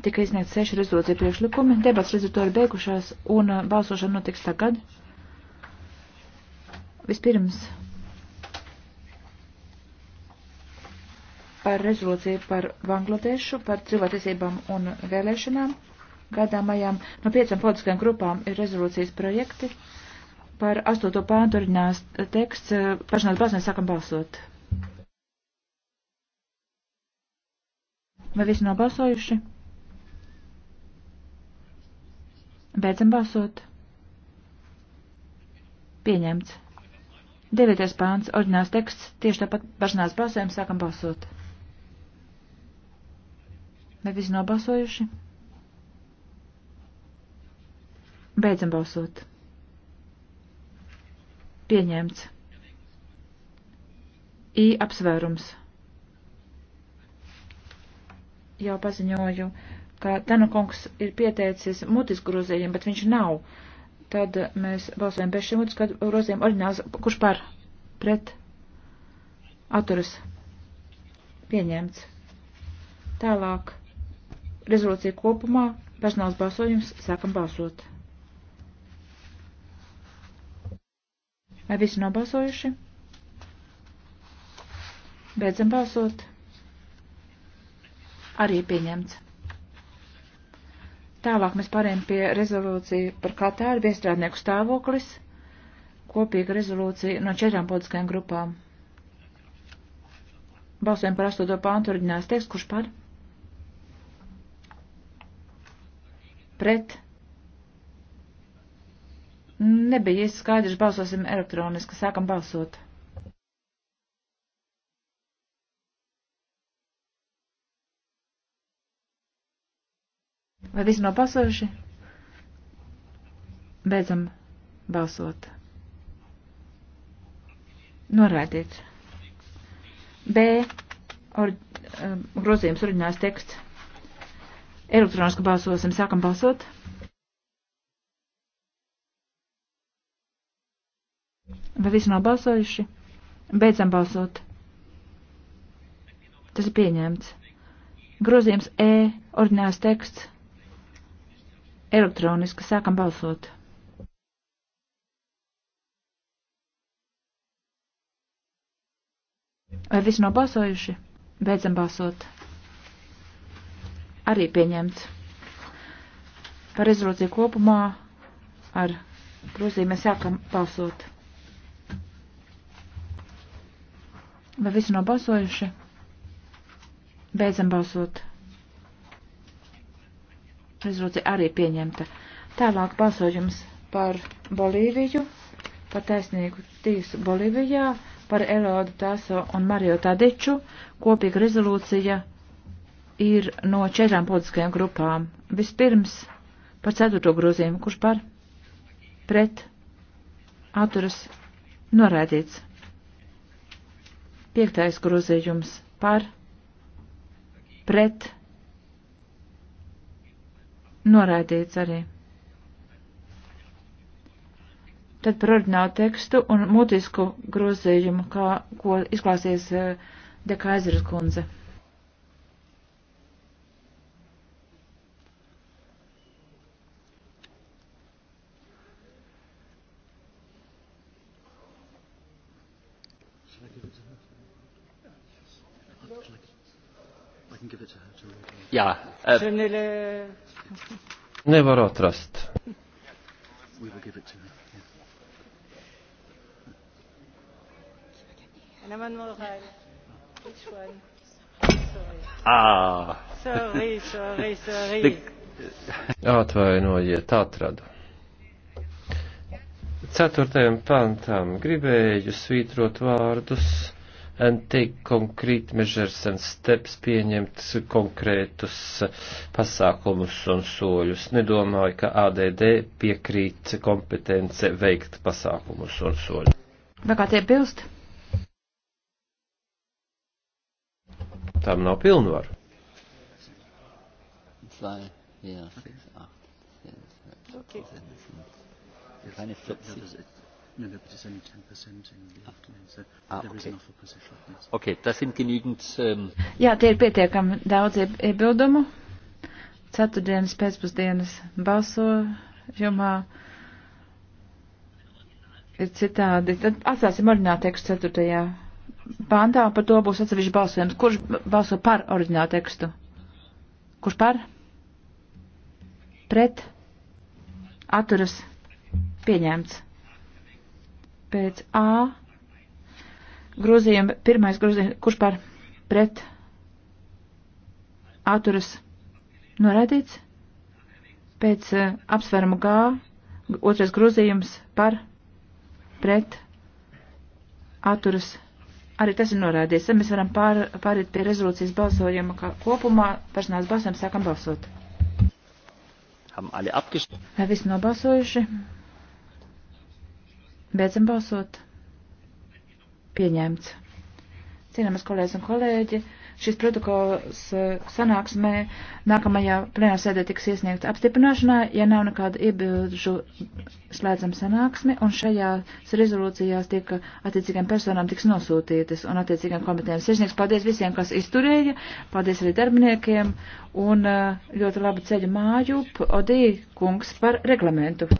Tika izniegts seši rezolūcija priekšlikumi, debats līdz ar to ir beigušās un uh, balsošana notiks tagad. Vispirms par rezolūciju par Bangladešu, par cilvēktiesībām un vēlēšanām gadāmajām. No piecām politiskajām grupām ir rezolūcijas projekti. Par astoto pāntu turinās teksts. Uh, Pašanās balsnēs sākam balsot. Vai visi nobalsojuši? Beidzam balsot. Pieņemts. Devieties pāns, oriģināls teksts, tieši tāpat pašnās balsēm sākam balsot. Vai visi nobalsojuši? Beidzam balsot. Pieņemts. I apsvērums. Jau paziņoju ka Danukungs ir pieteicis mutisku grozījumu, bet viņš nav. Tad mēs balsojam bez šiem mutisku grozījumu. Orģināls, kurš par? Pret? Atturas? Pieņemts. Tālāk. Rezolūcija kopumā. Personāls balsojums. Sākam balsot. Vai visi nobalsojuši? Beidzam balsot. Arī pieņemts. Tālāk mēs pārējām pie rezolūcija par Katāru viestrādnieku stāvoklis. Kopīga rezolūcija no četrām politiskajām grupām. Balsojam par 8. pāntu oriģināls teksts, kurš par? Pret. Nebija skaidrs, balsosim elektroniski, sākam balsot. Vai visi nav pasojuši? Beidzam balsot. Norādīts. B. Or, um, grozījums oriģināls teksts. Elektroniski balsosim. Sākam balsot. Vai visi nav balsojuši? Beidzam balsot. Tas ir pieņemts. Grozījums E. Ordināls teksts elektroniski sākam balsot. Vai visi nobalsojuši? Beidzam balsot. Arī pieņemts. Par rezolūciju kopumā ar grozīm mēs sākam balsot. Vai visi nobalsojuši? Beidzam balsot rezolūcija arī pieņemta. Tālāk balsojums par Bolīviju, par taisnīgu tiesu Bolīvijā, par Elodu Tāso un Mario Tadiču. Kopīga rezolūcija ir no četrām politiskajām grupām. Vispirms par ceturto grozījumu, kurš par pret atturas norādīts. Piektais grozījums par pret atturas noraidīts arī. Tad par ordinālu tekstu un mutisku grozījumu, kā, ko izklāsies eh, Dekaizras kundze. Jā. Eh, Nevaru atrast. We will give it to her. An amendment oral. Which one? Sorry. Ah. Sorry, sorry, sorry. Atvainojiet, atradu. Ceturtajam pantam gribēju svītrot vārdus and take concrete measures and steps pieņemt konkrētus pasākumus un soļus. Nedomāju, ka ADD piekrīt kompetence veikt pasākumus un soļus. Vai kāds iebilst? Tam nav pilnvaru. Zwei, ja, sechs, acht, zehn, zwölf, okay. 14. 15. No, no, but it's only 10% in the afternoon, so ah, there okay. is an offer position. Yes. Okay, tas ir genügend. Um... Ähm, Jā, tie ir pietiekami daudz iebildumu. Ceturtdienas pēcpusdienas balsojumā ir citādi. Tad atstāsim ordinālu tekstu ceturtajā pāntā, par to būs atsevišķi balsojums. Kurš balso par oriģinālu tekstu? Kurš par? Pret? Atturas? Pieņemts pēc A grozījuma, pirmais grozījums, kurš par pret atturas norādīts, pēc uh, e, apsvērumu G otrais grozījums par pret atturas. Arī tas ir norādīts. Tad mēs varam pār, pāriet pie rezolūcijas balsojuma, kā kopumā personāls balsojums sākam balsot. Vai visi nobalsojuši? Beidzam balsot. Pieņemts. Cienāmas kolēģis un kolēģi, šis protokols eh, sanāksmē nākamajā plenārsēdē tiks iesniegts apstiprināšanā, ja nav nekāda iebilžu slēdzam sanāksmi, un šajās rezolūcijās tiek attiecīgiem personām tiks nosūtītas un attiecīgiem komitējiem. Sirsnieks, paldies visiem, kas izturēja, paldies arī darbiniekiem, un eh, ļoti labu ceļu māju, Odī kungs par reglamentu.